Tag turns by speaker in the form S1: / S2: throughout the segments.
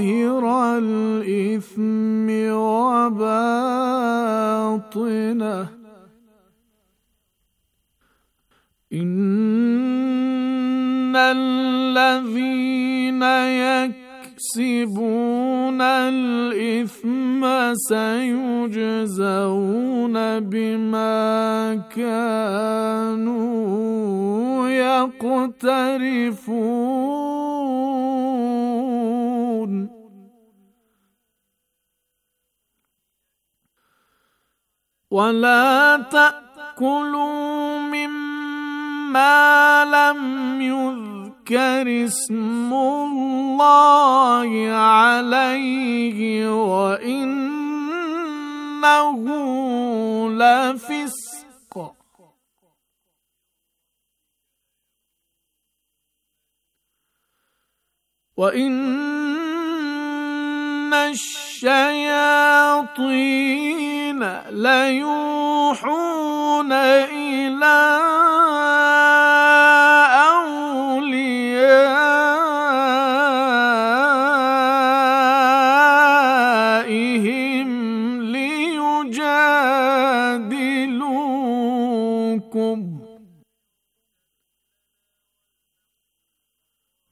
S1: ظاهر الإثم وباطنه إن الذين يكسبون الإثم سيجزون بما كانوا يقترفون ولا تأكلوا مما لم يذكر اسم الله عليه وإنه لفسق وإن الشياطين ليوحون إلى أولياء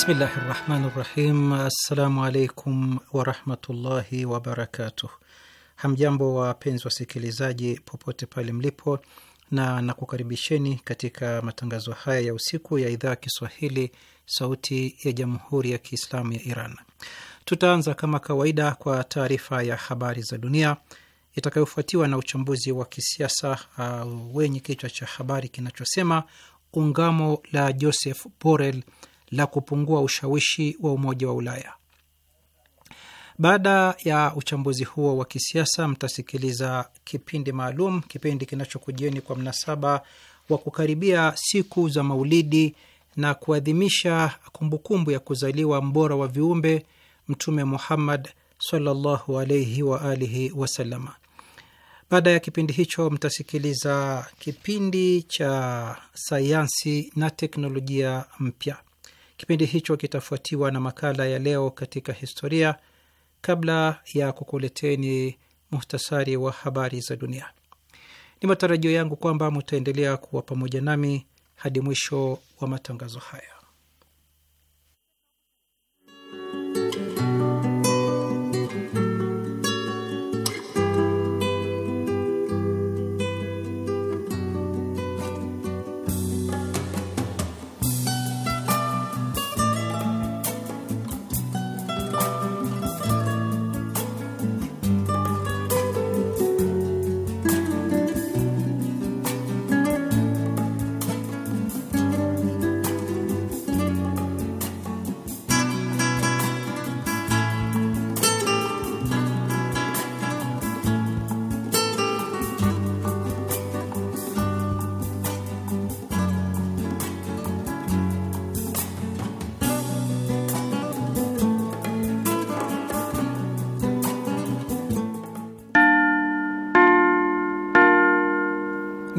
S2: Bismillahi rahmani rahim. Assalamu alaikum warahmatullahi wabarakatuh. Hamjambo wapenzi wasikilizaji, popote pale mlipo, na nakukaribisheni katika matangazo haya ya usiku ya idhaa ya Kiswahili sauti ya jamhuri ya Kiislamu ya Iran. Tutaanza kama kawaida kwa taarifa ya habari za dunia itakayofuatiwa na uchambuzi wa kisiasa uh, wenye kichwa cha habari kinachosema ungamo la Joseph Borrell la kupungua ushawishi wa Umoja wa Ulaya. Baada ya uchambuzi huo wa kisiasa, mtasikiliza kipindi maalum, kipindi kinachokujieni kwa mnasaba wa kukaribia siku za Maulidi na kuadhimisha kumbukumbu ya kuzaliwa mbora wa viumbe Mtume Muhammad sallallahu alaihi wa alihi wasalama. Baada ya kipindi hicho, mtasikiliza kipindi cha sayansi na teknolojia mpya. Kipindi hicho kitafuatiwa na makala ya leo katika historia, kabla ya kukuleteni muhtasari wa habari za dunia. Ni matarajio yangu kwamba mutaendelea kuwa pamoja nami hadi mwisho wa matangazo haya.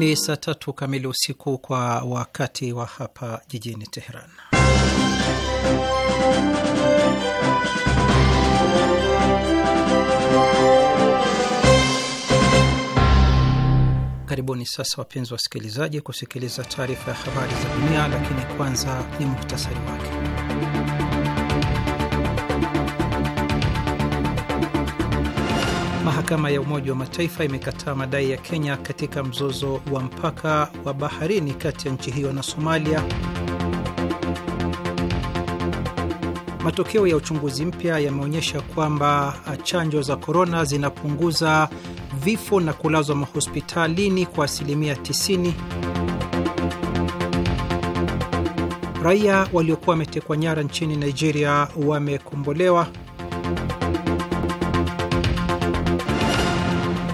S2: Ni saa tatu kamili usiku kwa wakati wa hapa jijini Teheran. Karibuni sasa, wapenzi wasikilizaji, kusikiliza taarifa ya habari za dunia, lakini kwanza ni muhtasari wake. Mahakama ya Umoja wa Mataifa imekataa madai ya Kenya katika mzozo wa mpaka wa baharini kati ya nchi hiyo na Somalia. Matokeo ya uchunguzi mpya yameonyesha kwamba ah, chanjo za korona zinapunguza vifo na kulazwa mahospitalini kwa asilimia 90. Raia waliokuwa wametekwa nyara nchini Nigeria wamekombolewa.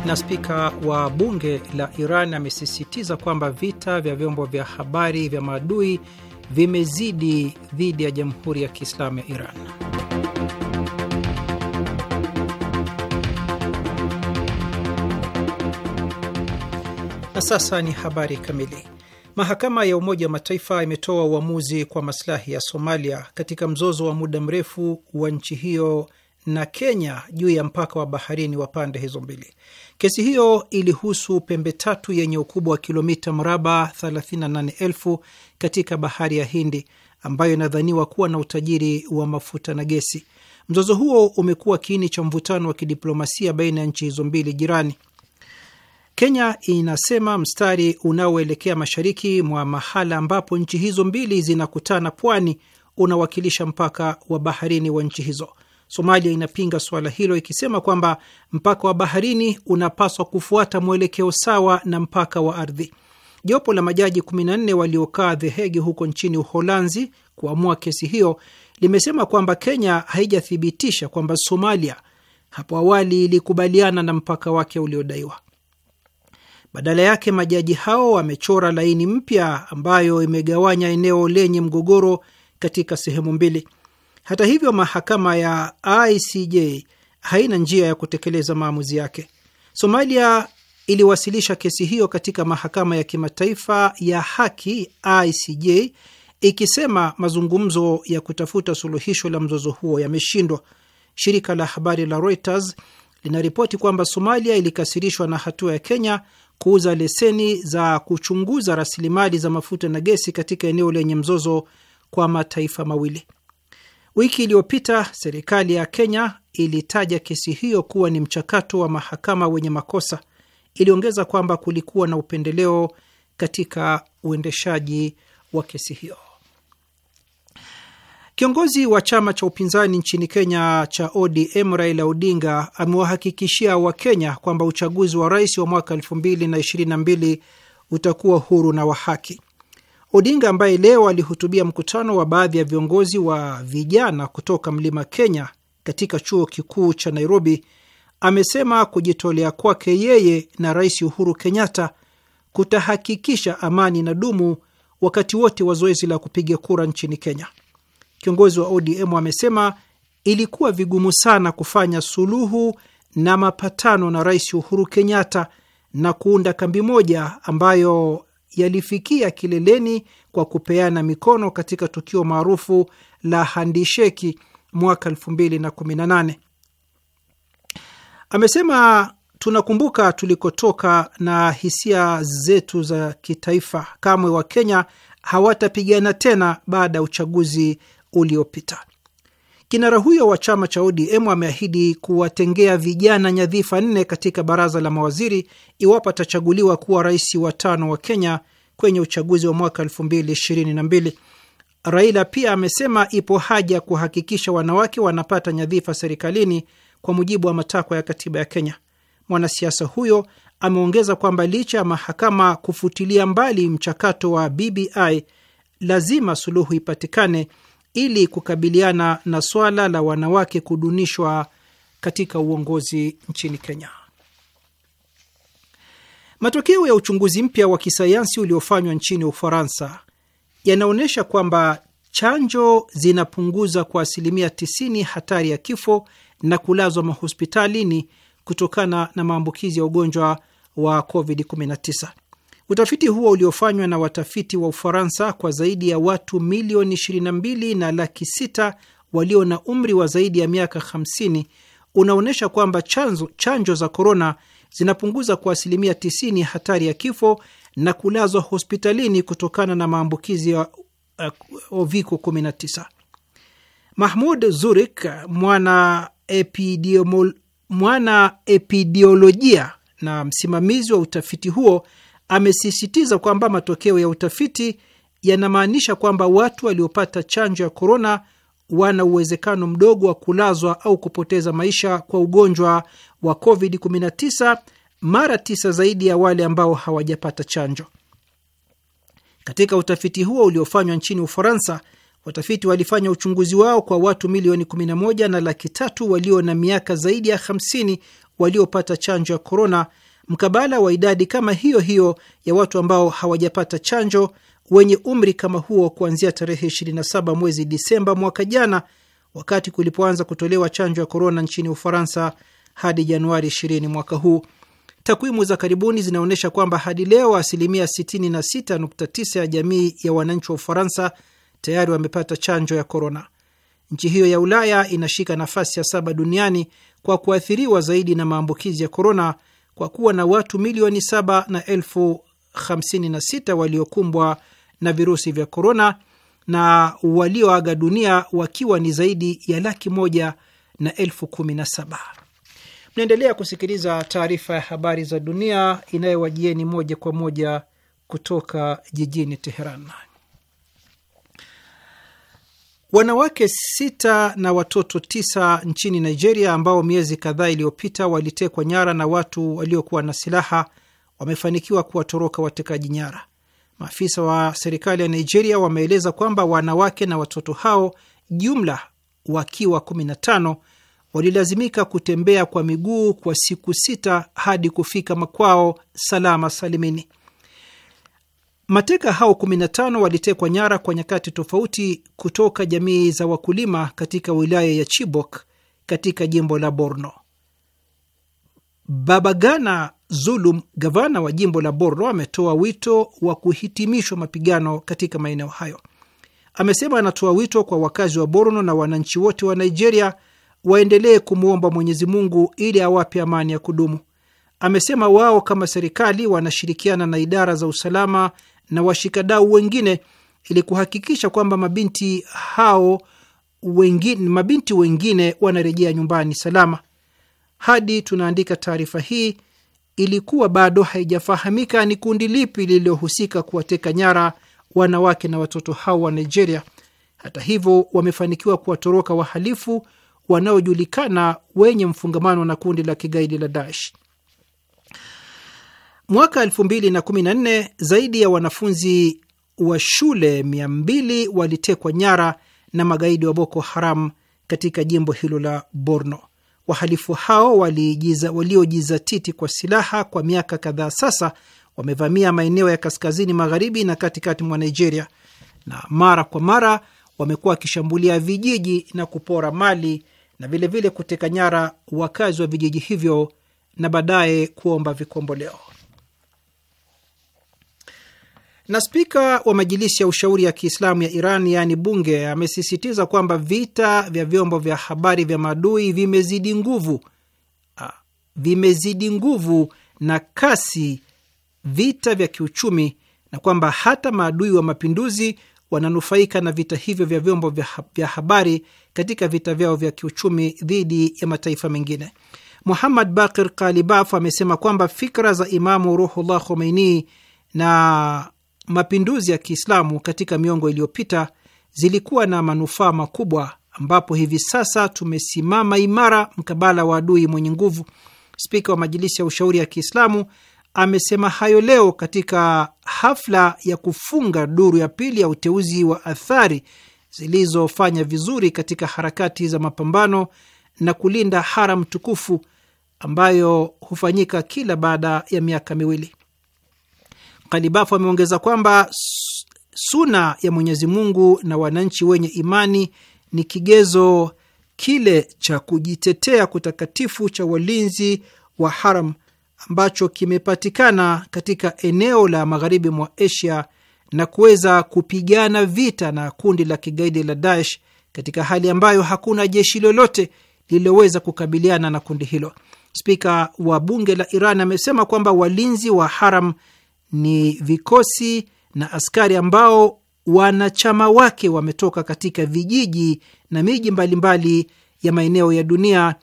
S2: na spika wa bunge la Iran amesisitiza kwamba vita vya vyombo vya habari vya maadui vimezidi dhidi ya Jamhuri ya Kiislamu ya Iran. Na sasa ni habari kamili. Mahakama ya Umoja wa Mataifa imetoa uamuzi kwa maslahi ya Somalia katika mzozo wa muda mrefu wa nchi hiyo na Kenya juu ya mpaka wa baharini wa pande hizo mbili. Kesi hiyo ilihusu pembe tatu yenye ukubwa wa kilomita mraba 38,000 katika bahari ya Hindi ambayo inadhaniwa kuwa na utajiri wa mafuta na gesi. Mzozo huo umekuwa kiini cha mvutano wa kidiplomasia baina ya nchi hizo mbili jirani. Kenya inasema mstari unaoelekea mashariki mwa mahala ambapo nchi hizo mbili zinakutana pwani unawakilisha mpaka wa baharini wa nchi hizo. Somalia inapinga suala hilo ikisema kwamba mpaka wa baharini unapaswa kufuata mwelekeo sawa na mpaka wa ardhi. Jopo la majaji 14 waliokaa The Hague huko nchini Uholanzi kuamua kesi hiyo limesema kwamba Kenya haijathibitisha kwamba Somalia hapo awali ilikubaliana na mpaka wake uliodaiwa. Badala yake majaji hao wamechora laini mpya ambayo imegawanya eneo lenye mgogoro katika sehemu mbili. Hata hivyo, mahakama ya ICJ haina njia ya kutekeleza maamuzi yake. Somalia iliwasilisha kesi hiyo katika mahakama ya kimataifa ya haki ICJ ikisema mazungumzo ya kutafuta suluhisho la mzozo huo yameshindwa. Shirika la habari la Reuters linaripoti kwamba Somalia ilikasirishwa na hatua ya Kenya kuuza leseni za kuchunguza rasilimali za mafuta na gesi katika eneo lenye mzozo kwa mataifa mawili. Wiki iliyopita serikali ya Kenya ilitaja kesi hiyo kuwa ni mchakato wa mahakama wenye makosa. Iliongeza kwamba kulikuwa na upendeleo katika uendeshaji wa kesi hiyo. Kiongozi wa chama cha upinzani nchini Kenya cha ODM Raila Odinga amewahakikishia Wakenya kwamba uchaguzi wa rais wa mwaka 2022 utakuwa huru na wa haki. Odinga ambaye leo alihutubia mkutano wa baadhi ya viongozi wa vijana kutoka mlima Kenya katika chuo kikuu cha Nairobi amesema kujitolea kwake yeye na Rais Uhuru Kenyatta kutahakikisha amani na dumu wakati wote wa zoezi la kupiga kura nchini Kenya. Kiongozi wa ODM amesema ilikuwa vigumu sana kufanya suluhu na mapatano na Rais Uhuru Kenyatta na kuunda kambi moja ambayo yalifikia kileleni kwa kupeana mikono katika tukio maarufu la handisheki mwaka 2018. Amesema tunakumbuka tulikotoka na hisia zetu za kitaifa. Kamwe Wakenya hawatapigana tena baada ya uchaguzi uliopita. Kinara huyo wa chama cha ODM ameahidi kuwatengea vijana nyadhifa nne katika baraza la mawaziri iwapo atachaguliwa kuwa rais wa tano wa Kenya kwenye uchaguzi wa mwaka 222 Raila pia amesema ipo haja ya kuhakikisha wanawake wanapata nyadhifa serikalini kwa mujibu wa matakwa ya katiba ya Kenya. Mwanasiasa huyo ameongeza kwamba licha ya mahakama kufutilia mbali mchakato wa BBI, lazima suluhu ipatikane ili kukabiliana na swala la wanawake kudunishwa katika uongozi nchini Kenya. Matokeo ya uchunguzi mpya wa kisayansi uliofanywa nchini Ufaransa yanaonyesha kwamba chanjo zinapunguza kwa asilimia 90 hatari ya kifo na kulazwa mahospitalini kutokana na maambukizi ya ugonjwa wa COVID-19. Utafiti huo uliofanywa na watafiti wa Ufaransa kwa zaidi ya watu milioni 22 na laki 6 walio na umri wa zaidi ya miaka 50 unaonyesha kwamba chanzo, chanjo za korona zinapunguza kwa asilimia 90 hatari ya kifo na kulazwa hospitalini kutokana na maambukizi ya uviko uh, 19. Mahmud Zurik, mwana epidemiolojia na msimamizi wa utafiti huo, amesisitiza kwamba matokeo ya utafiti yanamaanisha kwamba watu waliopata chanjo ya korona wana uwezekano mdogo wa kulazwa au kupoteza maisha kwa ugonjwa wa COVID-19 mara tisa zaidi ya wale ambao hawajapata chanjo. Katika utafiti huo uliofanywa nchini Ufaransa, watafiti walifanya uchunguzi wao kwa watu milioni 11 na laki tatu walio na miaka zaidi ya 50 waliopata chanjo ya korona mkabala wa idadi kama hiyo hiyo ya watu ambao hawajapata chanjo wenye umri kama huo kuanzia tarehe 27 mwezi Disemba mwaka jana, wakati kulipoanza kutolewa chanjo ya korona nchini Ufaransa hadi Januari 20 mwaka huu. Takwimu za karibuni zinaonyesha kwamba hadi leo asilimia 66.9 ya jamii ya wananchi wa Ufaransa tayari wamepata chanjo ya korona. Nchi hiyo ya Ulaya inashika nafasi ya saba duniani kwa kuathiriwa zaidi na maambukizi ya korona kwa kuwa na watu milioni saba na elfu hamsini na sita waliokumbwa na virusi vya korona na walioaga dunia wakiwa ni zaidi ya laki moja na elfu kumi na saba. Mnaendelea kusikiliza taarifa ya habari za dunia inayowajieni moja kwa moja kutoka jijini Teheran. Wanawake sita na watoto tisa nchini Nigeria ambao miezi kadhaa iliyopita walitekwa nyara na watu waliokuwa na silaha wamefanikiwa kuwatoroka watekaji nyara. Maafisa wa serikali ya Nigeria wameeleza kwamba wanawake na watoto hao jumla wakiwa 15 walilazimika kutembea kwa miguu kwa siku sita hadi kufika makwao salama salimini. Mateka hao 15 walitekwa nyara kwa nyakati tofauti kutoka jamii za wakulima katika wilaya ya Chibok katika jimbo la Borno. Babagana Zulum, gavana wa jimbo la Borno, ametoa wito wa kuhitimishwa mapigano katika maeneo hayo. Amesema anatoa wito kwa wakazi wa Borno na wananchi wote wa Nigeria waendelee kumwomba Mwenyezi Mungu ili awape amani ya kudumu. Amesema wao kama serikali wanashirikiana na idara za usalama na washikadau wengine ili kuhakikisha kwamba mabinti hao wengine, mabinti wengine wanarejea nyumbani salama. Hadi tunaandika taarifa hii, ilikuwa bado haijafahamika ni kundi lipi lililohusika kuwateka nyara wanawake na watoto hao wa Nigeria. Hata hivyo, wamefanikiwa kuwatoroka wahalifu wanaojulikana wenye mfungamano na kundi la kigaidi la Daesh. Mwaka 2014 zaidi ya wanafunzi wa shule 200 walitekwa nyara na magaidi wa Boko Haram katika jimbo hilo la Borno. Wahalifu hao waliojizatiti kwa silaha kwa miaka kadhaa sasa wamevamia maeneo ya kaskazini magharibi na katikati mwa Nigeria, na mara kwa mara wamekuwa wakishambulia vijiji na kupora mali na vilevile kuteka nyara wakazi wa vijiji hivyo na baadaye kuomba vikomboleo. Na spika wa majilisi ya ushauri ya Kiislamu ya Iran yaani bunge amesisitiza kwamba vita vya vyombo vya habari vya maadui vimezidi nguvu, vimezidi nguvu na kasi vita vya kiuchumi, na kwamba hata maadui wa mapinduzi wananufaika na vita hivyo vya vyombo vya habari katika vita vyao vya kiuchumi dhidi ya mataifa mengine. Muhammad Bakir Kalibaf amesema kwamba fikra za Imamu Ruhullah Khomeini na mapinduzi ya Kiislamu katika miongo iliyopita zilikuwa na manufaa makubwa, ambapo hivi sasa tumesimama imara mkabala wa adui mwenye nguvu. Spika wa Majilisi ya Ushauri ya Kiislamu amesema hayo leo katika hafla ya kufunga duru ya pili ya uteuzi wa athari zilizofanya vizuri katika harakati za mapambano na kulinda haram tukufu ambayo hufanyika kila baada ya miaka miwili. Kalibafu ameongeza kwamba suna ya Mwenyezi Mungu na wananchi wenye imani ni kigezo kile cha kujitetea kutakatifu cha walinzi wa haram ambacho kimepatikana katika eneo la magharibi mwa Asia na kuweza kupigana vita na kundi la kigaidi la Daesh katika hali ambayo hakuna jeshi lolote lililoweza kukabiliana na kundi hilo. Spika wa bunge la Iran amesema kwamba walinzi wa haram ni vikosi na askari ambao wanachama wake wametoka katika vijiji na miji mbalimbali ya maeneo ya dunia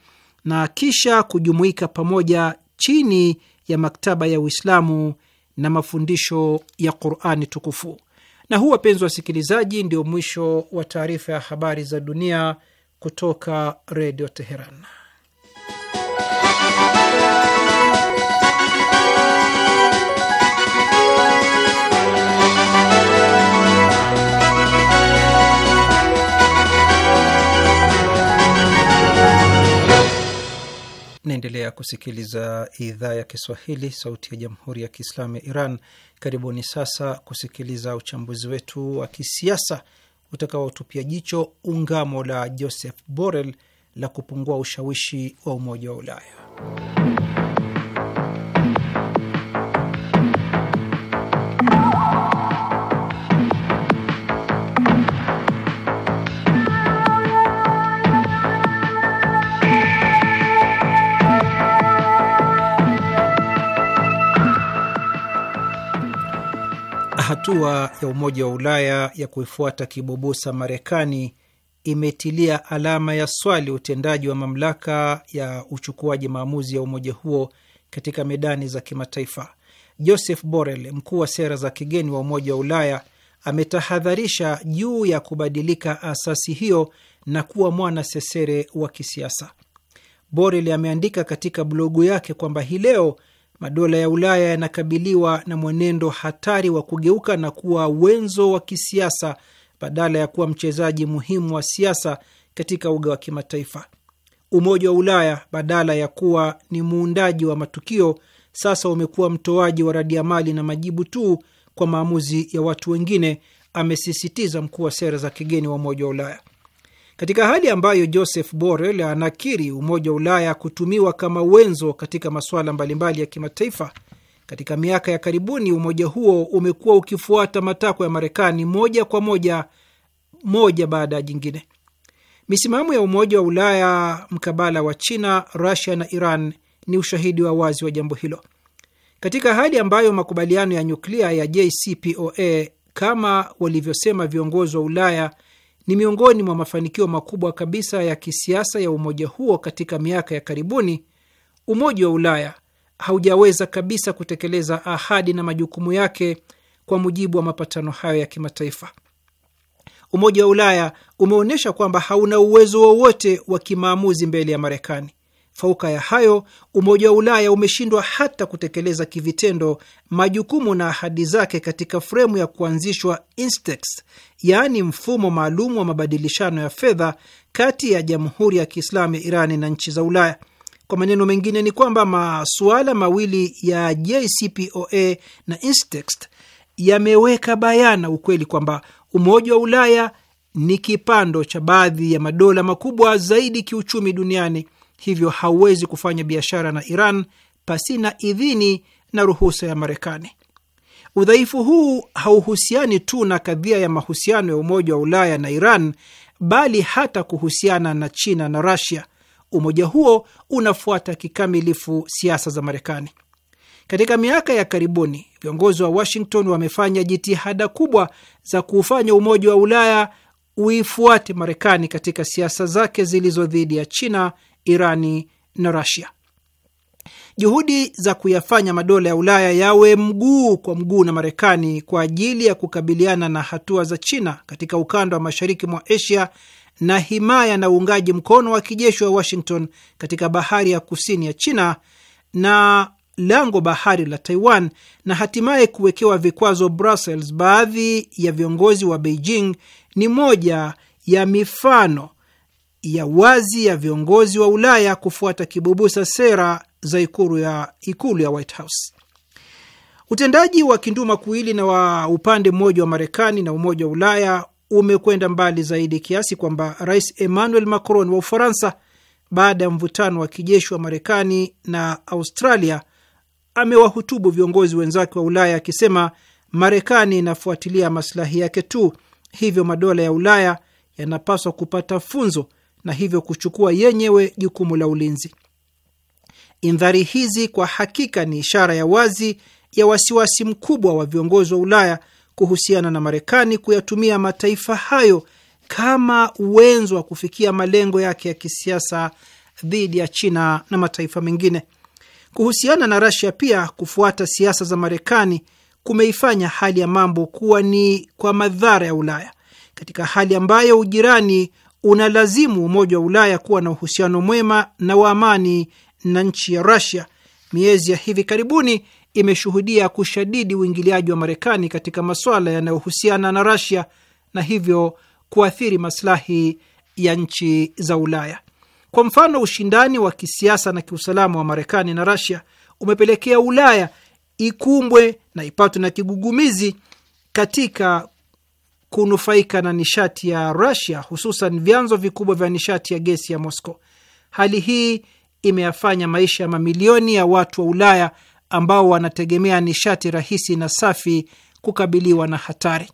S2: na kisha kujumuika pamoja chini ya maktaba ya Uislamu na mafundisho ya Qurani tukufu. Na huu, wapenzi wa wasikilizaji, ndio mwisho wa taarifa ya habari za dunia kutoka Redio Teheran. Naendelea kusikiliza idhaa ya Kiswahili, sauti ya jamhuri ya kiislamu ya Iran. Karibuni sasa kusikiliza uchambuzi wetu wa kisiasa utakaotupia jicho ungamo la Joseph Borrell la kupungua ushawishi wa Umoja wa Ulaya. hatua ya Umoja wa Ulaya ya kuifuata kibubusa Marekani imetilia alama ya swali utendaji wa mamlaka ya uchukuaji maamuzi ya umoja huo katika medani za kimataifa. Joseph Borrell, mkuu wa sera za kigeni wa Umoja wa Ulaya, ametahadharisha juu ya kubadilika asasi hiyo na kuwa mwana sesere wa kisiasa. Borrell ameandika katika blogu yake kwamba hii leo Madola ya Ulaya yanakabiliwa na mwenendo hatari wa kugeuka na kuwa wenzo wa kisiasa badala ya kuwa mchezaji muhimu wa siasa katika uga wa kimataifa. Umoja wa Ulaya, badala ya kuwa ni muundaji wa matukio, sasa umekuwa mtoaji wa radiamali na majibu tu kwa maamuzi ya watu wengine, amesisitiza mkuu wa sera za kigeni wa Umoja wa Ulaya. Katika hali ambayo Joseph Borrell anakiri Umoja wa Ulaya kutumiwa kama wenzo katika masuala mbalimbali ya kimataifa, katika miaka ya karibuni umoja huo umekuwa ukifuata matakwa ya Marekani moja kwa moja, moja baada ya jingine. Misimamo ya Umoja wa Ulaya mkabala wa China, Rusia na Iran ni ushahidi wa wazi wa jambo hilo. Katika hali ambayo makubaliano ya nyuklia ya JCPOA kama walivyosema viongozi wa Ulaya ni miongoni mwa mafanikio makubwa kabisa ya kisiasa ya umoja huo katika miaka ya karibuni. Umoja wa Ulaya haujaweza kabisa kutekeleza ahadi na majukumu yake kwa mujibu wa mapatano hayo ya kimataifa. Umoja wa Ulaya umeonyesha kwamba hauna uwezo wowote wa kimaamuzi mbele ya Marekani. Fauka ya hayo, Umoja wa Ulaya umeshindwa hata kutekeleza kivitendo majukumu na ahadi zake katika fremu ya kuanzishwa INSTEX, yaani mfumo maalum wa mabadilishano ya fedha kati ya Jamhuri ya Kiislamu ya Irani na nchi za Ulaya. Kwa maneno mengine ni kwamba masuala mawili ya JCPOA na INSTEX yameweka bayana ukweli kwamba Umoja wa Ulaya ni kipando cha baadhi ya madola makubwa zaidi kiuchumi duniani hivyo hauwezi kufanya biashara na Iran pasina idhini na ruhusa ya Marekani. Udhaifu huu hauhusiani tu na kadhia ya mahusiano ya Umoja wa Ulaya na Iran, bali hata kuhusiana na China na Rasia. Umoja huo unafuata kikamilifu siasa za Marekani. Katika miaka ya karibuni, viongozi wa Washington wamefanya jitihada kubwa za kuufanya Umoja wa Ulaya uifuate Marekani katika siasa zake zilizo dhidi ya China, Irani na Rasia. Juhudi za kuyafanya madola ya Ulaya yawe mguu kwa mguu na Marekani kwa ajili ya kukabiliana na hatua za China katika ukanda wa mashariki mwa Asia na himaya na uungaji mkono wa kijeshi wa Washington katika bahari ya kusini ya China na lango bahari la Taiwan na hatimaye kuwekewa vikwazo Brussels baadhi ya viongozi wa Beijing ni moja ya mifano ya wazi ya viongozi wa Ulaya kufuata kibubusa sera za ikulu ya, ikulu ya White House. Utendaji wa kinduma kuili na wa upande mmoja wa Marekani na Umoja wa Ulaya umekwenda mbali zaidi kiasi kwamba Rais Emmanuel Macron wa Ufaransa, baada ya mvutano wa kijeshi wa Marekani na Australia, amewahutubu viongozi wenzake wa Ulaya akisema Marekani inafuatilia masilahi yake tu, hivyo madola ya Ulaya yanapaswa kupata funzo na hivyo kuchukua yenyewe jukumu la ulinzi. Indhari hizi kwa hakika ni ishara ya wazi ya wasiwasi mkubwa wa viongozi wa Ulaya kuhusiana na Marekani kuyatumia mataifa hayo kama uwenzo wa kufikia malengo yake ya kisiasa dhidi ya China na mataifa mengine. Kuhusiana na Rasia pia, kufuata siasa za Marekani kumeifanya hali ya mambo kuwa ni kwa madhara ya Ulaya katika hali ambayo ujirani unalazimu Umoja wa Ulaya kuwa na uhusiano mwema na wa amani na nchi ya rasia Miezi ya hivi karibuni imeshuhudia kushadidi uingiliaji wa Marekani katika masuala yanayohusiana na rasia na hivyo kuathiri masilahi ya nchi za Ulaya. Kwa mfano, ushindani wa kisiasa na kiusalama wa Marekani na rasia umepelekea Ulaya ikumbwe na ipatwe na kigugumizi katika kunufaika na nishati ya Rusia, hususan vyanzo vikubwa vya nishati ya gesi ya mosco Hali hii imeyafanya maisha ya mamilioni ya watu wa Ulaya ambao wanategemea nishati rahisi na safi kukabiliwa na hatari.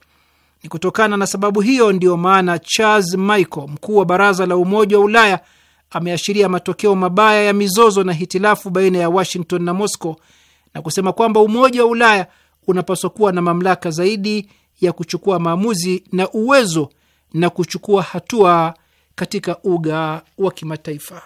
S2: Ni kutokana na sababu hiyo ndiyo maana Charles Michel, mkuu wa baraza la Umoja wa Ulaya, ameashiria matokeo mabaya ya mizozo na hitilafu baina ya Washington na Moscow na kusema kwamba Umoja wa Ulaya unapaswa kuwa na mamlaka zaidi ya kuchukua maamuzi na uwezo na kuchukua hatua katika uga wa kimataifa.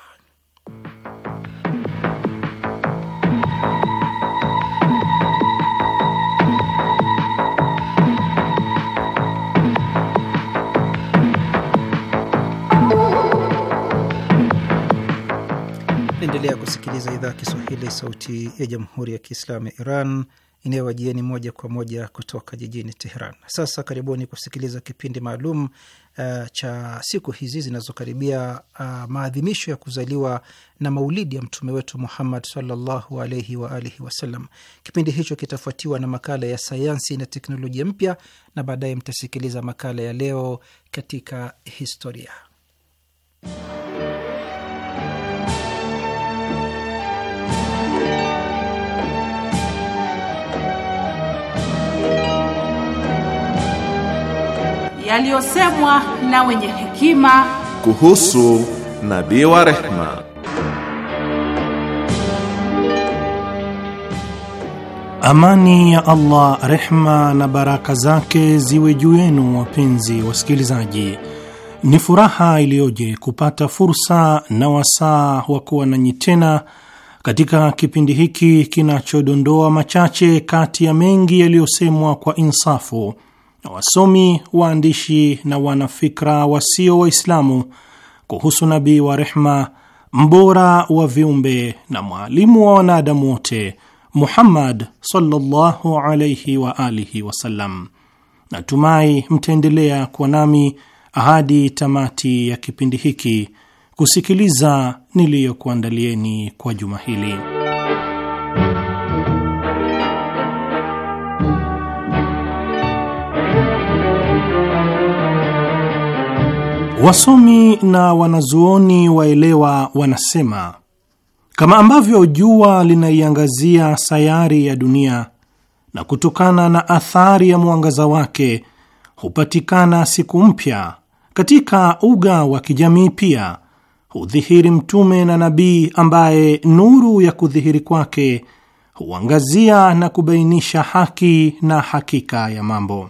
S2: Endelea kusikiliza idhaa ya Kiswahili, sauti ya jamhuri ya kiislamu ya Iran inayowajieni moja kwa moja kutoka jijini Teheran. Sasa karibuni kusikiliza kipindi maalum uh, cha siku hizi zinazokaribia uh, maadhimisho ya kuzaliwa na maulidi ya mtume wetu Muhammad sallallahu alaihi wa alihi wasallam. Kipindi hicho kitafuatiwa na makala ya sayansi na teknolojia mpya, na baadaye mtasikiliza makala ya leo katika historia.
S3: yaliyosemwa
S2: na
S4: wenye hekima
S3: kuhusu nabii wa rehma. Amani ya
S5: Allah, rehma na baraka zake ziwe juu yenu, wapenzi wasikilizaji. Ni furaha iliyoje kupata fursa na wasaa wa kuwa nanyi tena katika kipindi hiki kinachodondoa machache kati ya mengi yaliyosemwa kwa insafu na wasomi, waandishi na wanafikra wasio Waislamu kuhusu nabii wa rehma, mbora wa viumbe na mwalimu wa wanadamu wote, Muhammad sallallahu alayhi wa alihi wasallam. Natumai mtaendelea kuwa nami hadi tamati ya kipindi hiki kusikiliza niliyokuandalieni kwa juma hili. Wasomi na wanazuoni waelewa wanasema kama ambavyo jua linaiangazia sayari ya dunia na kutokana na athari ya mwangaza wake hupatikana siku mpya, katika uga wa kijamii pia hudhihiri mtume na nabii ambaye nuru ya kudhihiri kwake huangazia na kubainisha haki na hakika ya mambo.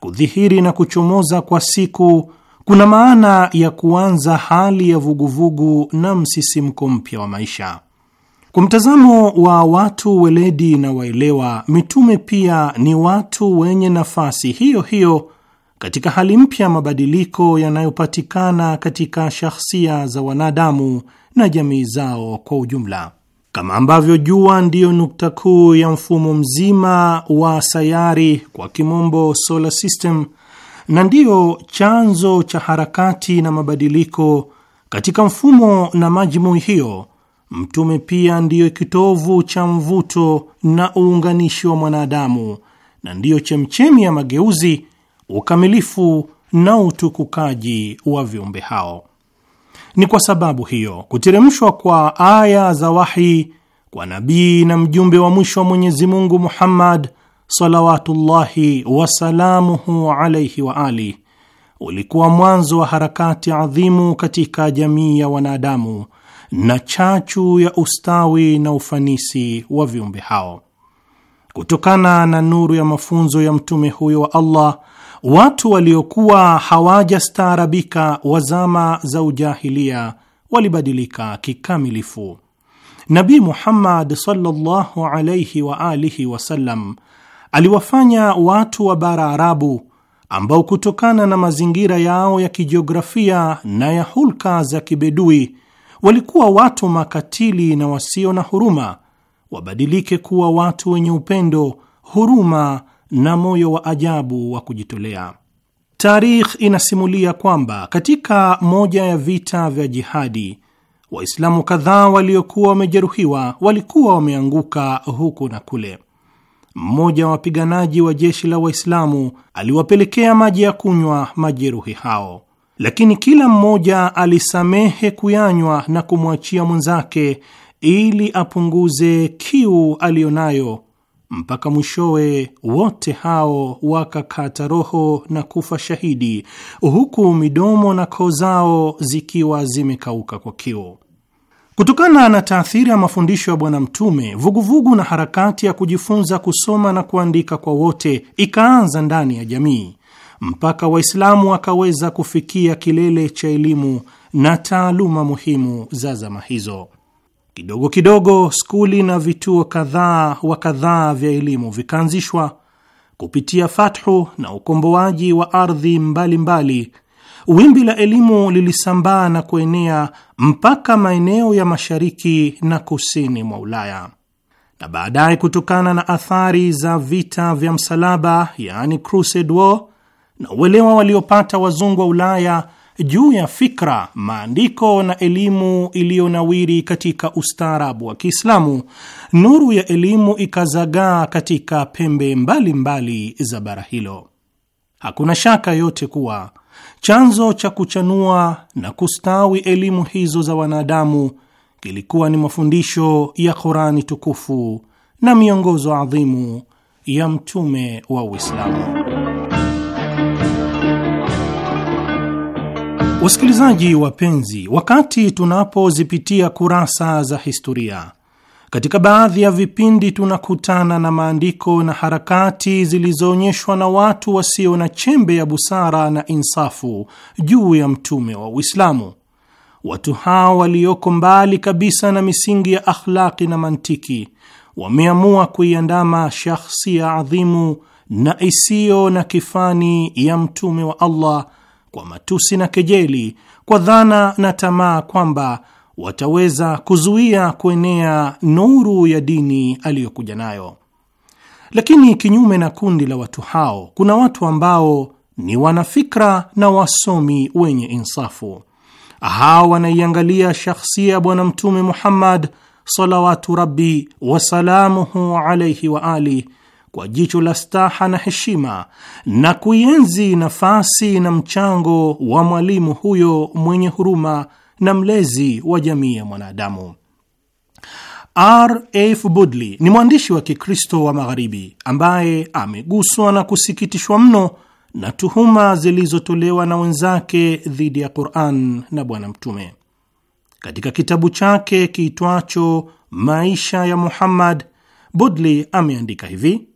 S5: Kudhihiri na kuchomoza kwa siku kuna maana ya kuanza hali ya vuguvugu na msisimko mpya wa maisha. Kwa mtazamo wa watu weledi na waelewa, mitume pia ni watu wenye nafasi hiyo hiyo katika hali mpya ya mabadiliko yanayopatikana katika shahsia za wanadamu na jamii zao kwa ujumla. Kama ambavyo jua ndiyo nukta kuu ya mfumo mzima wa sayari, kwa kimombo solar system, na ndiyo chanzo cha harakati na mabadiliko katika mfumo na majumui hiyo. Mtume pia ndiyo kitovu cha mvuto na uunganishi wa mwanadamu na ndiyo chemchemi ya mageuzi, ukamilifu na utukukaji wa viumbe hao. Ni kwa sababu hiyo kuteremshwa kwa aya za wahi kwa nabii na mjumbe wa mwisho wa Mwenyezi Mungu Muhammad salawatullahi wasalamuhu alaihi wa ali, ulikuwa mwanzo wa harakati adhimu katika jamii ya wanadamu na chachu ya ustawi na ufanisi wa viumbe hao. Kutokana na nuru ya mafunzo ya mtume huyo wa Allah, watu waliokuwa hawajastaarabika zama za ujahilia walibadilika kikamilifu. Nabi Muhammad sallallahu alayhi wa alihi wasallam aliwafanya watu wa bara Arabu ambao kutokana na mazingira yao ya kijiografia na ya hulka za kibedui walikuwa watu makatili na wasio na huruma wabadilike kuwa watu wenye upendo, huruma na moyo wa ajabu wa kujitolea. Tarikh inasimulia kwamba katika moja ya vita vya jihadi, Waislamu kadhaa waliokuwa wamejeruhiwa walikuwa wameanguka huku na kule mmoja wa wapiganaji wa jeshi la Waislamu aliwapelekea maji ya kunywa majeruhi hao, lakini kila mmoja alisamehe kuyanywa na kumwachia mwenzake ili apunguze kiu aliyonayo, mpaka mwishowe wote hao wakakata roho na kufa shahidi, huku midomo na koo zao zikiwa zimekauka kwa kiu. Kutokana na taathiri ya mafundisho ya Bwana Mtume, vuguvugu na harakati ya kujifunza kusoma na kuandika kwa wote ikaanza ndani ya jamii mpaka Waislamu wakaweza kufikia kilele cha elimu na taaluma muhimu za zama hizo. Kidogo kidogo, skuli na vituo kadhaa wa kadhaa vya elimu vikaanzishwa kupitia fathu na ukomboaji wa ardhi mbalimbali mbali Wimbi la elimu lilisambaa na kuenea mpaka maeneo ya mashariki na kusini mwa Ulaya, na baadaye, kutokana na athari za vita vya msalaba, yani Crusade War, na uelewa waliopata wazungu wa Ulaya juu ya fikra, maandiko na elimu iliyonawiri katika ustaarabu wa Kiislamu, nuru ya elimu ikazagaa katika pembe mbalimbali mbali za bara hilo. Hakuna shaka yote kuwa Chanzo cha kuchanua na kustawi elimu hizo za wanadamu kilikuwa ni mafundisho ya Qurani tukufu na miongozo adhimu ya mtume wa Uislamu. Wasikilizaji wapenzi, wakati tunapozipitia kurasa za historia katika baadhi ya vipindi tunakutana na maandiko na harakati zilizoonyeshwa na watu wasio na chembe ya busara na insafu juu ya mtume wa Uislamu. Watu hao walioko mbali kabisa na misingi ya akhlaki na mantiki wameamua kuiandama shakhsia adhimu na isiyo na kifani ya mtume wa Allah kwa matusi na kejeli, kwa dhana na tamaa kwamba wataweza kuzuia kuenea nuru ya dini aliyokuja nayo. Lakini kinyume na kundi la watu hao, kuna watu ambao ni wanafikra na wasomi wenye insafu. Hawa wanaiangalia shakhsia Bwana Mtume Muhammad salawatu rabi wasalamuhu alaihi wa ali kwa jicho la staha na heshima na kuienzi nafasi na mchango wa mwalimu huyo mwenye huruma na mlezi wa jamii ya mwanadamu. R. F. Budley ni mwandishi wa Kikristo wa Magharibi ambaye ameguswa na kusikitishwa mno na tuhuma zilizotolewa na wenzake dhidi ya Qur'an na Bwana Mtume. Katika kitabu chake kiitwacho Maisha ya Muhammad, Budley ameandika hivi: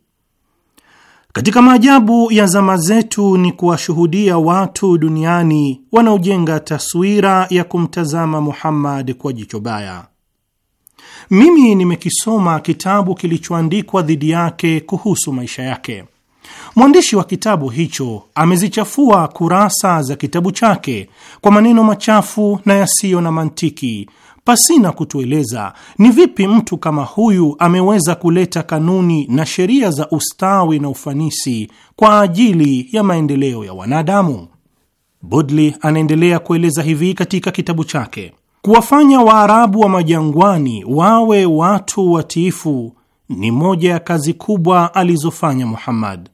S5: katika maajabu ya zama zetu ni kuwashuhudia watu duniani wanaojenga taswira ya kumtazama Muhammad kwa jicho baya. Mimi nimekisoma kitabu kilichoandikwa dhidi yake kuhusu maisha yake. Mwandishi wa kitabu hicho amezichafua kurasa za kitabu chake kwa maneno machafu na yasiyo na mantiki pasina kutueleza ni vipi mtu kama huyu ameweza kuleta kanuni na sheria za ustawi na ufanisi kwa ajili ya maendeleo ya wanadamu. Bodley anaendelea kueleza hivi katika kitabu chake: kuwafanya Waarabu wa majangwani wawe watu watiifu ni moja ya kazi kubwa alizofanya Muhammad.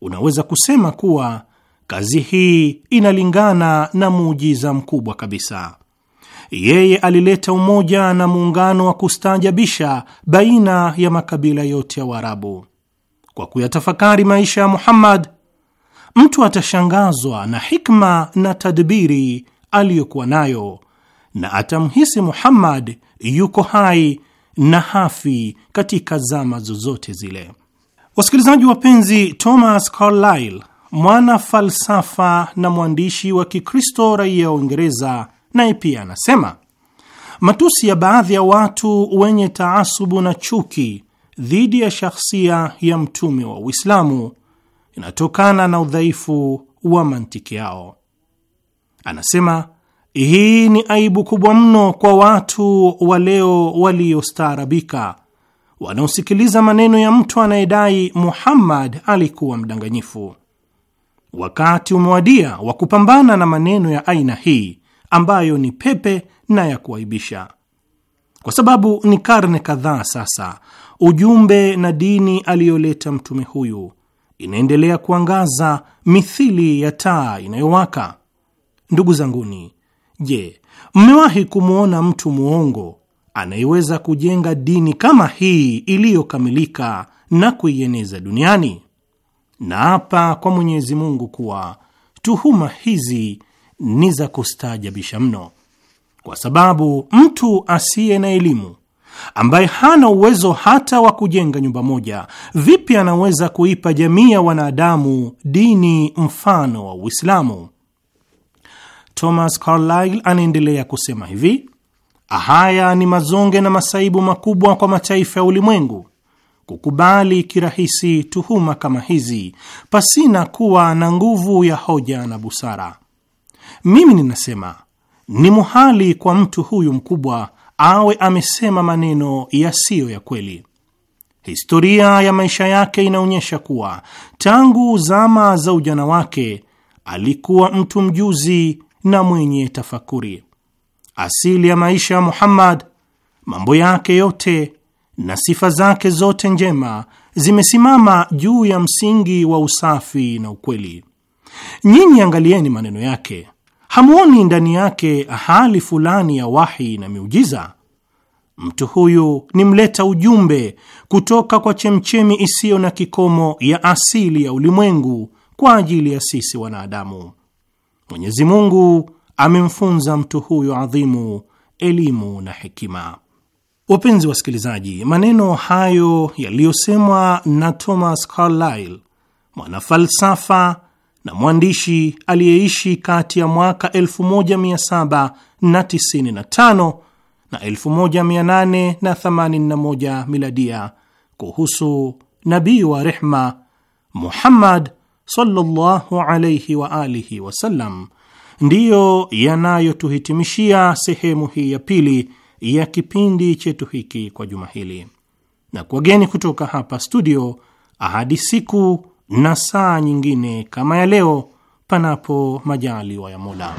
S5: Unaweza kusema kuwa kazi hii inalingana na muujiza mkubwa kabisa. Yeye alileta umoja na muungano wa kustaajabisha baina ya makabila yote ya Waarabu. Kwa kuyatafakari maisha ya Muhammad, mtu atashangazwa na hikma na tadbiri aliyokuwa nayo na atamhisi Muhammad yuko hai na hafi katika zama zozote zile. Wasikilizaji wapenzi, Thomas Carlyle, mwana falsafa na mwandishi wa Kikristo raia wa Uingereza Naye pia anasema matusi ya baadhi ya watu wenye taasubu na chuki dhidi ya shakhsia ya mtume wa Uislamu inatokana na udhaifu wa mantiki yao. Anasema hii ni aibu kubwa mno kwa watu wa leo waliostaarabika, wanaosikiliza maneno ya mtu anayedai Muhammad alikuwa mdanganyifu. Wakati umewadia wa kupambana na maneno ya aina hii ambayo ni pepe na ya kuaibisha. Kwa sababu ni karne kadhaa sasa, ujumbe na dini aliyoleta mtume huyu inaendelea kuangaza mithili ya taa inayowaka. Ndugu zanguni, je, mmewahi kumwona mtu mwongo anayeweza kujenga dini kama hii iliyokamilika na kuieneza duniani? na hapa kwa Mwenyezi Mungu kuwa tuhuma hizi ni za kustaajabisha mno, kwa sababu mtu asiye na elimu ambaye hana uwezo hata wa kujenga nyumba moja, vipi anaweza kuipa jamii ya wanadamu dini mfano wa Uislamu? Thomas Carlyle anaendelea kusema hivi: haya ni mazonge na masaibu makubwa kwa mataifa ya ulimwengu kukubali kirahisi tuhuma kama hizi pasina kuwa na nguvu ya hoja na busara. Mimi ninasema ni muhali kwa mtu huyu mkubwa awe amesema maneno yasiyo ya kweli. Historia ya maisha yake inaonyesha kuwa tangu zama za ujana wake alikuwa mtu mjuzi na mwenye tafakuri. Asili ya maisha ya Muhammad, mambo yake yote na sifa zake zote njema zimesimama juu ya msingi wa usafi na ukweli. Nyinyi angalieni maneno yake hamwoni ndani yake hali fulani ya wahi na miujiza? Mtu huyu ni mleta ujumbe kutoka kwa chemchemi isiyo na kikomo ya asili ya ulimwengu kwa ajili ya sisi wanadamu. Mwenyezi Mungu amemfunza mtu huyo adhimu elimu na hekima. Wapenzi wasikilizaji, maneno hayo yaliyosemwa na Thomas Carlyle mwanafalsafa na mwandishi aliyeishi kati ya mwaka 1795 na 1881 miladia kuhusu nabii wa rehma Muhammad sallallahu alayhi wa alihi wasallam, ndiyo yanayotuhitimishia sehemu hii ya pili ya kipindi chetu hiki kwa juma hili, na kuwageni kutoka hapa studio ahadi siku na saa nyingine kama ya leo, panapo majaliwa ya Mola.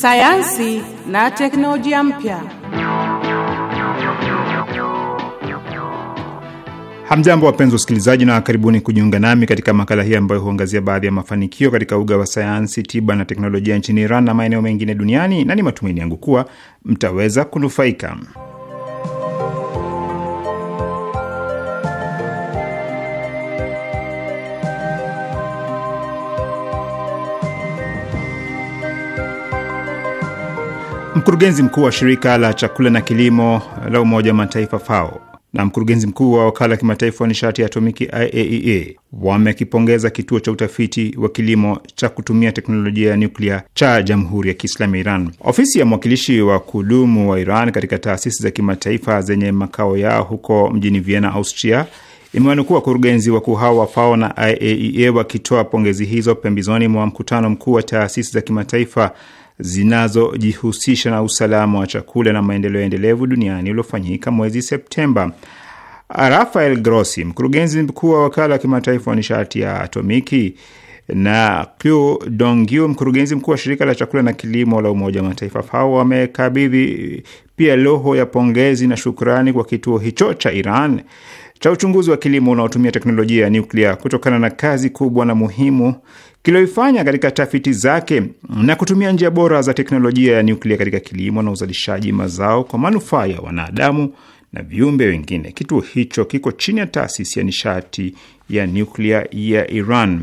S3: Sayansi na teknolojia mpya.
S6: Hamjambo, wapenzi wasikilizaji, na karibuni kujiunga nami katika makala hii ambayo huangazia baadhi ya mafanikio katika uga wa sayansi, tiba na teknolojia nchini Iran na maeneo mengine duniani, na ni matumaini yangu kuwa mtaweza kunufaika. Mkurugenzi mkuu wa shirika la chakula na kilimo la Umoja wa Mataifa FAO na mkurugenzi mkuu wa wakala wa kimataifa wa nishati ya atomiki IAEA e wamekipongeza kituo cha utafiti wa kilimo cha kutumia teknolojia ya nyuklia cha Jamhuri ya Kiislamu ya Iran. Ofisi ya mwakilishi wa kudumu wa Iran katika taasisi za kimataifa zenye makao yao huko mjini Vienna, Austria imewanukuu wakurugenzi wakuu hao wa FAO na IAEA e wakitoa pongezi hizo pembezoni mwa mkutano mkuu wa taasisi za kimataifa zinazojihusisha na usalama wa chakula na maendeleo endelevu duniani uliofanyika mwezi Septemba. Rafael Grossi, mkurugenzi mkuu wa wakala wa kimataifa wa nishati ya atomiki na Qu Dongyu, mkurugenzi mkuu wa shirika la chakula na kilimo la Umoja wa Mataifa FAO, wamekabidhi pia roho ya pongezi na shukrani kwa kituo hicho cha Iran cha uchunguzi wa kilimo unaotumia teknolojia ya nyuklia kutokana na kazi kubwa na muhimu kiliyoifanya katika tafiti zake na kutumia njia bora za teknolojia ya nyuklia katika kilimo na uzalishaji mazao kwa manufaa ya wanadamu na viumbe wengine. Kituo hicho kiko chini ya taasisi ya nishati ya nyuklia ya Iran.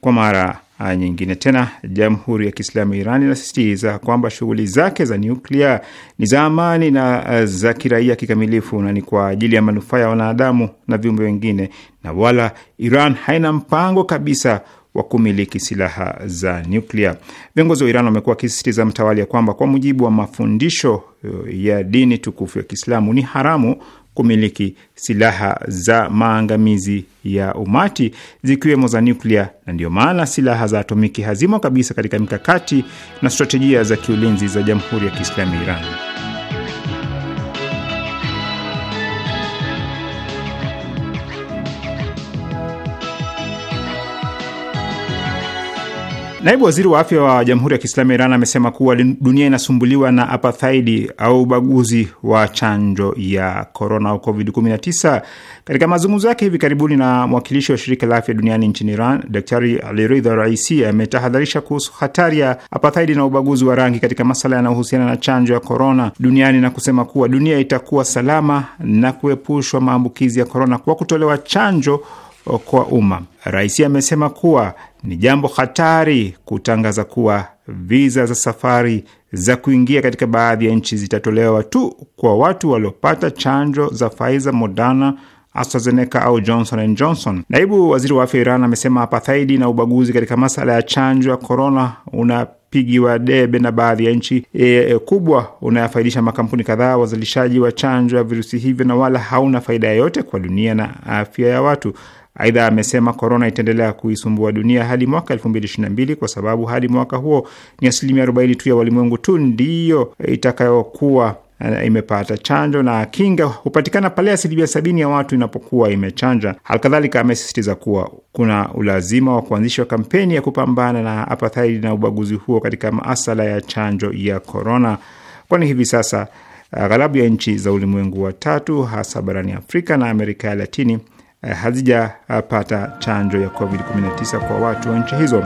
S6: Kwa mara Ah, nyingine. Tena Jamhuri ya Kiislamu ya Iran inasisitiza kwamba shughuli zake za nyuklia ni za amani na ah, za kiraia kikamilifu na ni kwa ajili ya manufaa ya wanadamu na viumbe wengine, na wala Iran haina mpango kabisa wa kumiliki silaha za nyuklia. Viongozi wa Iran wamekuwa wakisisitiza mtawali ya kwamba kwa mujibu wa mafundisho eh, ya dini tukufu ya Kiislamu ni haramu kumiliki silaha za maangamizi ya umati zikiwemo za nyuklia, na ndiyo maana silaha za atomiki hazimo kabisa katika mikakati na stratejia za kiulinzi za Jamhuri ya Kiislamu ya Iran. Naibu waziri wa afya wa Jamhuri ya Kiislamu ya Iran amesema kuwa dunia inasumbuliwa na apathaidi au ubaguzi wa chanjo ya korona au COVID-19. Katika mazungumzo yake hivi karibuni na mwakilishi wa shirika la afya duniani nchini Iran, Daktari Aliridha Raisi ametahadharisha kuhusu hatari ya apathaidi na ubaguzi wa rangi katika masala yanayohusiana na chanjo ya korona duniani na kusema kuwa dunia itakuwa salama na kuepushwa maambukizi ya korona kwa kutolewa chanjo kwa umma. Rais amesema kuwa ni jambo hatari kutangaza kuwa viza za safari za kuingia katika baadhi ya nchi zitatolewa tu kwa watu waliopata chanjo za Pfizer, Moderna, AstraZeneca au Johnson and Johnson. Naibu waziri wa afya Iran amesema apathaidi na ubaguzi katika masala ya chanjo ya korona unapigiwa debe na baadhi ya nchi e, e, kubwa unayafaidisha makampuni kadhaa wazalishaji wa chanjo ya virusi hivyo na wala hauna faida yoyote kwa dunia na afya ya watu. Aidha amesema korona itaendelea kuisumbua dunia hadi mwaka mbili kwa sababu hadi mwaka huo ni asilimia arobaini tu ya walimwengu tu ndiyo itakayokuwa eh, imepata chanjo na kinga hupatikana pale asilimia sabini ya watu inapokuwa imechanja. Halikadhalika, amesisitiza kuwa kuna ulazima wa kuanzishwa kampeni ya kupambana na apathaidi na ubaguzi huo katika maasala ya chanjo ya korona, kwani hivi sasa eh, ghalabu ya nchi za ulimwengu wa tatu hasa barani Afrika na Amerika ya Latini Eh, hazijapata chanjo ya COVID-19 kwa watu wa nchi hizo.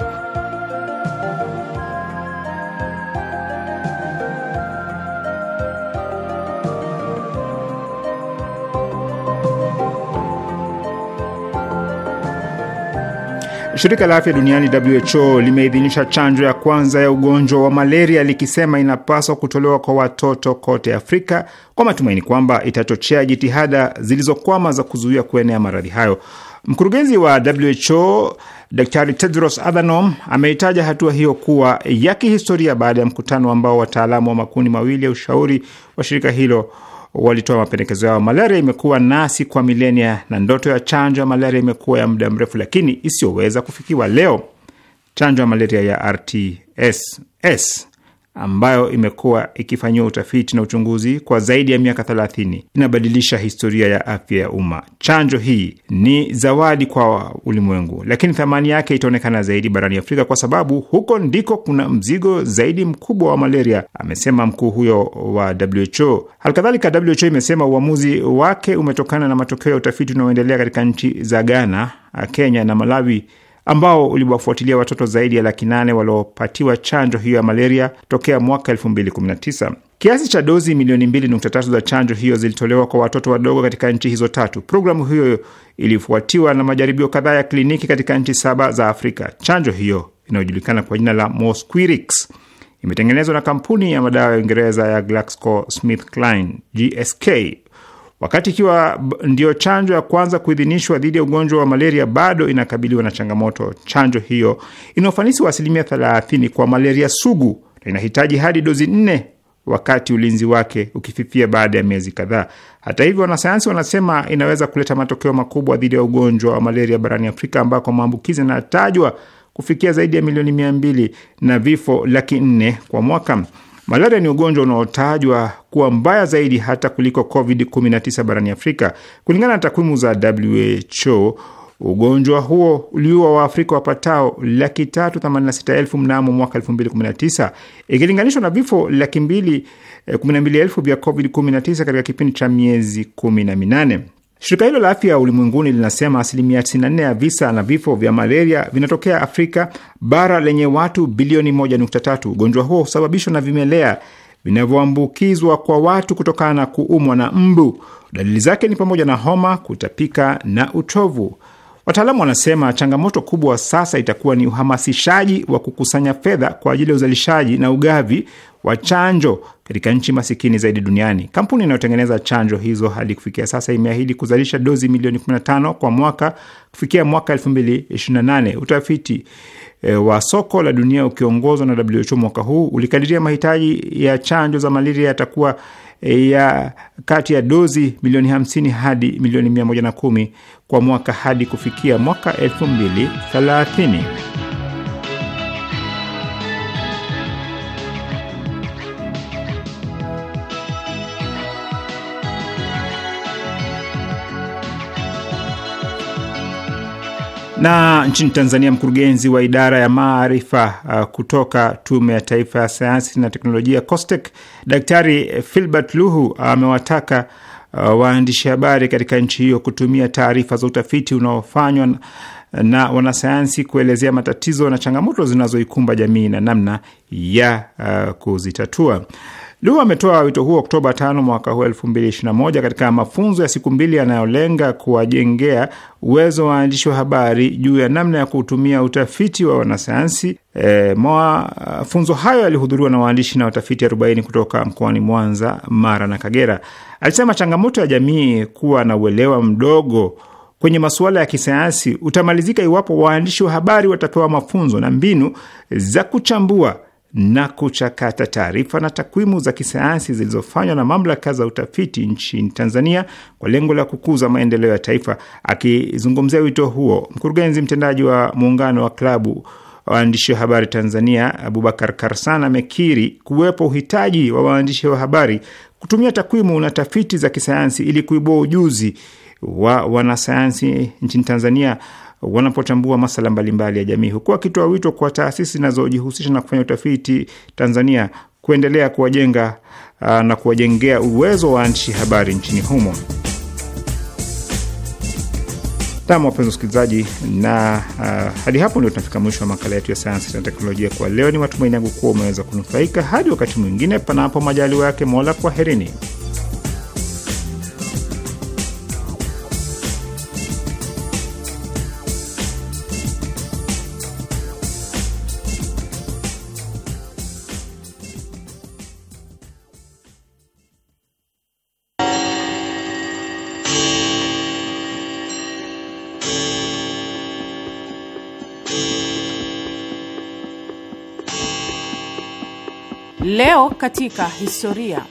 S6: Shirika la afya duniani WHO limeidhinisha chanjo ya kwanza ya ugonjwa wa malaria likisema inapaswa kutolewa kwa watoto kote Afrika kwa matumaini kwamba itachochea jitihada zilizokwama za kuzuia kuenea maradhi hayo. Mkurugenzi wa WHO Daktari Tedros Adhanom ameitaja hatua hiyo kuwa ya kihistoria baada ya mkutano ambao wataalamu wa makundi mawili ya ushauri wa shirika hilo walitoa mapendekezo yao. Malaria imekuwa nasi kwa milenia na ndoto ya chanjo ya malaria imekuwa ya muda mrefu, lakini isiyoweza kufikiwa. Leo chanjo ya malaria ya rtss ambayo imekuwa ikifanyiwa utafiti na uchunguzi kwa zaidi ya miaka 30 inabadilisha historia ya afya ya umma. Chanjo hii ni zawadi kwa ulimwengu, lakini thamani yake itaonekana zaidi barani Afrika kwa sababu huko ndiko kuna mzigo zaidi mkubwa wa malaria, amesema mkuu huyo wa WHO. Halikadhalika, WHO imesema uamuzi wake umetokana na matokeo ya utafiti unaoendelea katika nchi za Ghana, Kenya na Malawi ambao uliwafuatilia watoto zaidi ya laki nane waliopatiwa chanjo hiyo ya malaria tokea mwaka 2019. Kiasi cha dozi milioni 2.3 za chanjo hiyo zilitolewa kwa watoto wadogo katika nchi hizo tatu. Programu hiyo ilifuatiwa na majaribio kadhaa ya kliniki katika nchi saba za Afrika. Chanjo hiyo inayojulikana kwa jina la Mosquirix imetengenezwa na kampuni ya madawa ya Uingereza ya GlaxoSmithKline, GSK wakati ikiwa ndiyo chanjo ya kwanza kuidhinishwa dhidi ya ugonjwa wa malaria, bado inakabiliwa na changamoto. Chanjo hiyo ina ufanisi wa asilimia 30 kwa malaria sugu na inahitaji hadi dozi nne wakati ulinzi wake ukififia baada ya miezi kadhaa. Hata hivyo, wanasayansi wanasema inaweza kuleta matokeo makubwa dhidi ya ugonjwa wa malaria barani Afrika ambako maambukizi yanatajwa kufikia zaidi ya milioni mia mbili na vifo laki nne kwa mwaka. Malaria ni ugonjwa unaotajwa kuwa mbaya zaidi hata kuliko COVID-19 barani Afrika. Kulingana na takwimu za WHO, ugonjwa huo uliua Waafrika wapatao laki tatu themanini na sita elfu mnamo mwaka elfu mbili kumi na tisa ikilinganishwa na vifo laki mbili eh, kumi na mbili elfu vya COVID-19 katika kipindi cha miezi kumi na minane. Shirika hilo la afya ulimwenguni linasema asilimia 94 ya visa na vifo vya malaria vinatokea Afrika bara lenye watu bilioni 1.3. Ugonjwa huo husababishwa na vimelea vinavyoambukizwa kwa watu kutokana na kuumwa na mbu. Dalili zake ni pamoja na homa, kutapika na uchovu. Wataalamu wanasema changamoto kubwa sasa itakuwa ni uhamasishaji wa kukusanya fedha kwa ajili ya uzalishaji na ugavi wa chanjo katika nchi masikini zaidi duniani. Kampuni inayotengeneza chanjo hizo hadi kufikia sasa imeahidi kuzalisha dozi milioni 15 kwa mwaka kufikia mwaka 2028. Utafiti e, wa soko la dunia ukiongozwa na WHO mwaka huu ulikadiria mahitaji ya chanjo za malaria yatakuwa e, ya kati ya dozi milioni 50 hadi milioni 110 kwa mwaka hadi kufikia mwaka 2030. Na nchini Tanzania, mkurugenzi wa idara ya maarifa uh, kutoka Tume ya Taifa ya Sayansi na Teknolojia COSTECH, Daktari Filbert Luhu amewataka uh, uh, waandishi habari katika nchi hiyo kutumia taarifa za utafiti unaofanywa na wanasayansi kuelezea matatizo na changamoto zinazoikumba jamii na namna ya uh, kuzitatua. Lu ametoa wito huo Oktoba 5 mwaka huu 2021 katika mafunzo ya siku mbili yanayolenga kuwajengea uwezo wa waandishi wa habari juu ya namna ya kutumia utafiti wa wanasayansi. E, mafunzo hayo yalihudhuriwa na waandishi na watafiti 40 kutoka mkoani Mwanza, Mara na Kagera. Alisema changamoto ya jamii kuwa na uelewa mdogo kwenye masuala ya kisayansi utamalizika iwapo waandishi wa habari watapewa mafunzo na mbinu za kuchambua na kuchakata taarifa na takwimu za kisayansi zilizofanywa na mamlaka za utafiti nchini Tanzania kwa lengo la kukuza maendeleo ya taifa. Akizungumzia wito huo, mkurugenzi mtendaji wa muungano wa klabu waandishi wa habari Tanzania Abubakar Karsan amekiri kuwepo uhitaji wa waandishi wa habari kutumia takwimu na tafiti za kisayansi ili kuibua ujuzi wa wanasayansi nchini Tanzania wanapochambua masala mbalimbali ya jamii, huku akitoa wito kwa taasisi zinazojihusisha na kufanya utafiti Tanzania kuendelea kuwajenga uh, na kuwajengea uwezo wa nchi habari nchini humo. Nam, wapenzi wasikilizaji, na uh, hadi hapo ndio tunafika mwisho wa makala yetu ya sayansi na teknolojia kwa leo. Ni matumaini yangu kuwa umeweza kunufaika. Hadi wakati mwingine, panapo majaliwa yake Mola, kwaherini.
S3: Leo katika historia.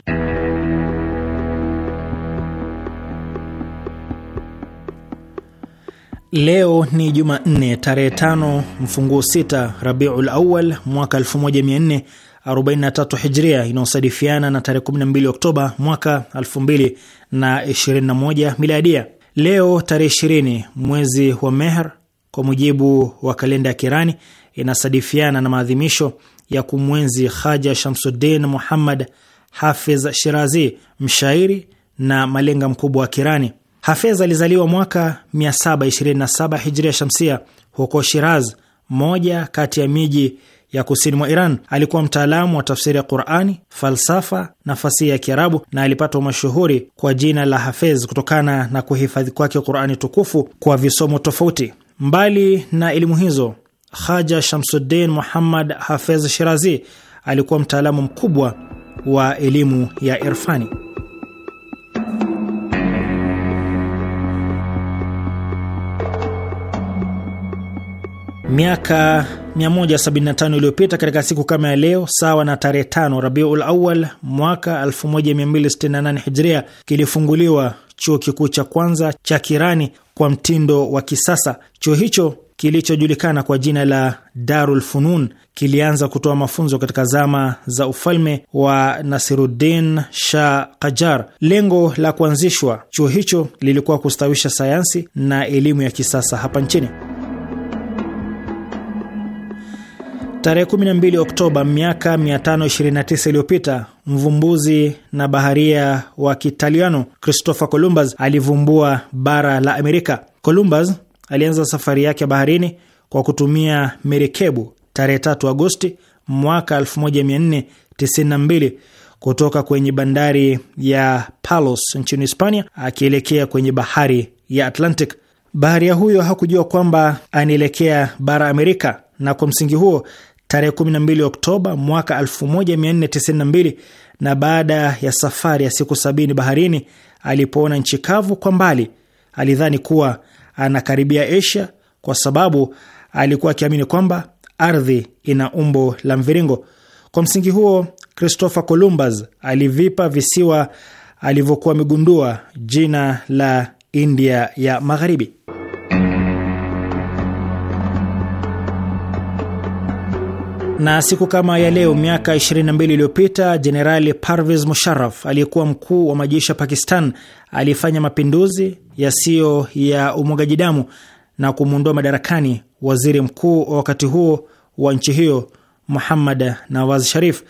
S7: Leo ni Jumanne tarehe tano mfunguo sita Rabiul Awal mwaka 1443 Hijria, inayosadifiana na tarehe 12 Oktoba mwaka 2021 Miladia. Leo tarehe ishirini mwezi wa Mehr kwa mujibu wa kalenda ya Kirani inasadifiana na maadhimisho ya kumwenzi Haja Shamsuddin Muhammad Hafiz Shirazi, mshairi na malenga mkubwa wa Kirani. Hafez alizaliwa mwaka 727 hijria shamsia huko Shiraz, moja kati ya miji ya kusini mwa Iran. Alikuwa mtaalamu wa tafsiri ya Qurani, falsafa na fasihi ya Kiarabu, na alipata mashuhuri kwa jina la Hafez kutokana na kuhifadhi kwake Qurani tukufu kwa visomo tofauti. Mbali na elimu hizo Haja Shamsuddin Muhammad Hafez Shirazi alikuwa mtaalamu mkubwa wa elimu ya irfani. Miaka 175 iliyopita katika siku kama ya leo, sawa na tarehe 5 Rabiul Awal mwaka 1268 Hijria, kilifunguliwa chuo kikuu cha kwanza cha Kirani kwa mtindo wa kisasa. Chuo hicho kilichojulikana kwa jina la Darul Funun kilianza kutoa mafunzo katika zama za ufalme wa Nasiruddin Shah Qajar. Lengo la kuanzishwa chuo hicho lilikuwa kustawisha sayansi na elimu ya kisasa hapa nchini. Tarehe 12 Oktoba miaka 529 iliyopita mvumbuzi na baharia wa Kitaliano Christopher Columbus alivumbua bara la Amerika. Columbus alianza safari yake baharini kwa kutumia merikebu tarehe 3 Agosti mwaka 1492 kutoka kwenye bandari ya Palos nchini Hispania akielekea kwenye bahari ya Atlantic. Baharia huyo hakujua kwamba anaelekea bara Amerika, na kwa msingi huo tarehe 12 Oktoba mwaka 1492 na baada ya safari ya siku sabini baharini, alipoona nchi kavu kwa mbali, alidhani kuwa anakaribia Asia kwa sababu alikuwa akiamini kwamba ardhi ina umbo la mviringo. Kwa msingi huo, Christopher Columbus alivipa visiwa alivyokuwa amegundua jina la India ya Magharibi. Na siku kama ya leo miaka 22 iliyopita Jenerali Parvez Musharraf aliyekuwa mkuu wa majeshi ya Pakistan alifanya mapinduzi yasiyo ya, ya umwagaji damu na kumwondoa madarakani waziri mkuu wa wakati huo wa nchi hiyo Muhammad Nawaz Sharif.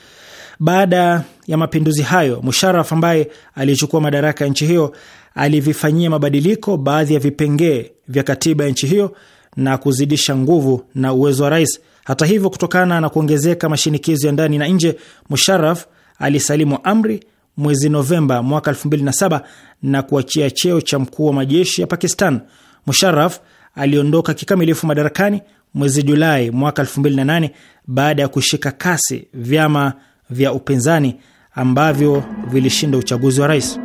S7: Baada ya mapinduzi hayo, Musharraf ambaye alichukua madaraka ya nchi hiyo alivifanyia mabadiliko baadhi ya vipengee vya katiba ya nchi hiyo na kuzidisha nguvu na uwezo wa rais. Hata hivyo, kutokana na kuongezeka mashinikizo ya ndani na nje, musharaf alisalimu amri mwezi Novemba mwaka 2007 na kuachia cheo cha mkuu wa majeshi ya Pakistan. musharaf aliondoka kikamilifu madarakani mwezi Julai mwaka 2008 baada ya kushika kasi vyama vya upinzani ambavyo vilishinda uchaguzi wa rais.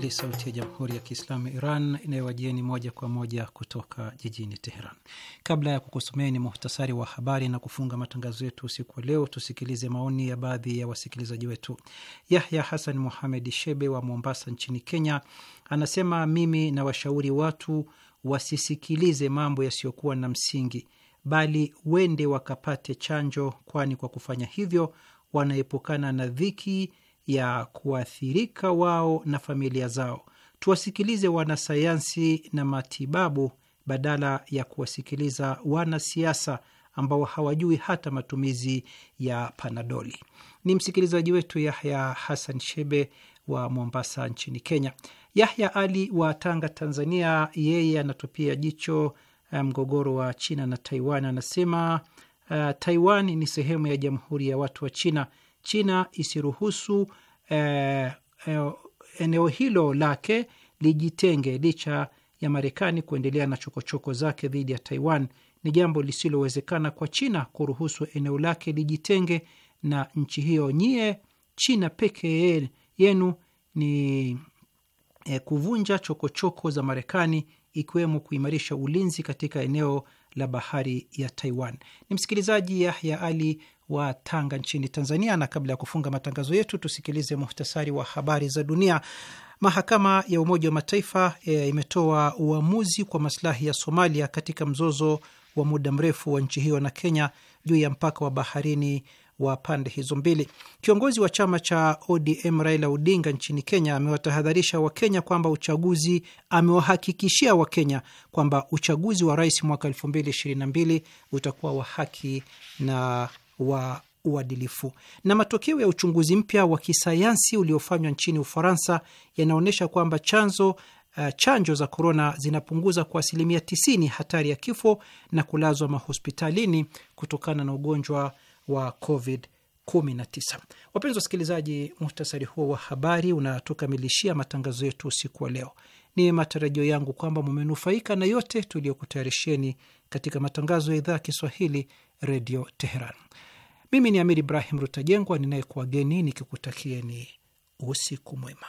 S2: Kiswahili, Sauti ya Jamhuri ya Kiislamu ya Iran inayowajieni moja kwa moja kutoka jijini Teheran. Kabla ya kukusomea ni muhtasari wa habari na kufunga matangazo yetu usiku wa leo, tusikilize maoni ya baadhi ya wasikilizaji wetu. Yahya Hasan Muhamed Shebe wa Mombasa nchini Kenya anasema, mimi nawashauri watu wasisikilize mambo yasiyokuwa na msingi, bali wende wakapate chanjo, kwani kwa kufanya hivyo wanaepukana na dhiki ya kuathirika wao na familia zao. Tuwasikilize wanasayansi na matibabu badala ya kuwasikiliza wanasiasa ambao hawajui hata matumizi ya panadoli. Ni msikilizaji wetu Yahya Hassan Shebe wa Mombasa nchini Kenya. Yahya Ali wa Tanga, Tanzania, yeye anatupia jicho eh, mgogoro wa China na Taiwan. Anasema uh, Taiwan ni sehemu ya Jamhuri ya Watu wa China China isiruhusu eh, eh, eneo hilo lake lijitenge licha ya Marekani kuendelea na chokochoko zake dhidi ya Taiwan. Ni jambo lisilowezekana kwa China kuruhusu eneo lake lijitenge na nchi hiyo. Nyie China pekee yenu ni eh, kuvunja chokochoko -choko za Marekani, ikiwemo kuimarisha ulinzi katika eneo la bahari ya Taiwan. Ni msikilizaji Yahya Ali wa Tanga nchini Tanzania. Na kabla ya kufunga matangazo yetu, tusikilize muhtasari wa habari za dunia. Mahakama ya Umoja wa Mataifa e, imetoa uamuzi kwa masilahi ya Somalia katika mzozo wa muda mrefu wa nchi hiyo na Kenya juu ya mpaka wa baharini wa pande hizo mbili. Kiongozi wa chama cha ODM Raila Odinga nchini Kenya amewatahadharisha Wakenya kwamba uchaguzi, amewahakikishia Wakenya kwamba uchaguzi wa rais mwaka 2022 utakuwa wa haki na wa uadilifu. Na matokeo ya uchunguzi mpya wa kisayansi uliofanywa nchini Ufaransa yanaonyesha kwamba chanzo Uh, chanjo za korona zinapunguza kwa asilimia 90 hatari ya kifo na kulazwa mahospitalini kutokana na ugonjwa wa COVID-19. Wapenzi wasikilizaji, muhtasari huo wa habari unatukamilishia matangazo yetu usiku wa leo. Ni matarajio yangu kwamba mumenufaika na yote tuliyokutayarisheni katika matangazo ya idhaa ya Kiswahili, Redio Teheran. Mimi ni Amir Ibrahim Rutajengwa ninayekuwageni nikikutakieni usiku mwema.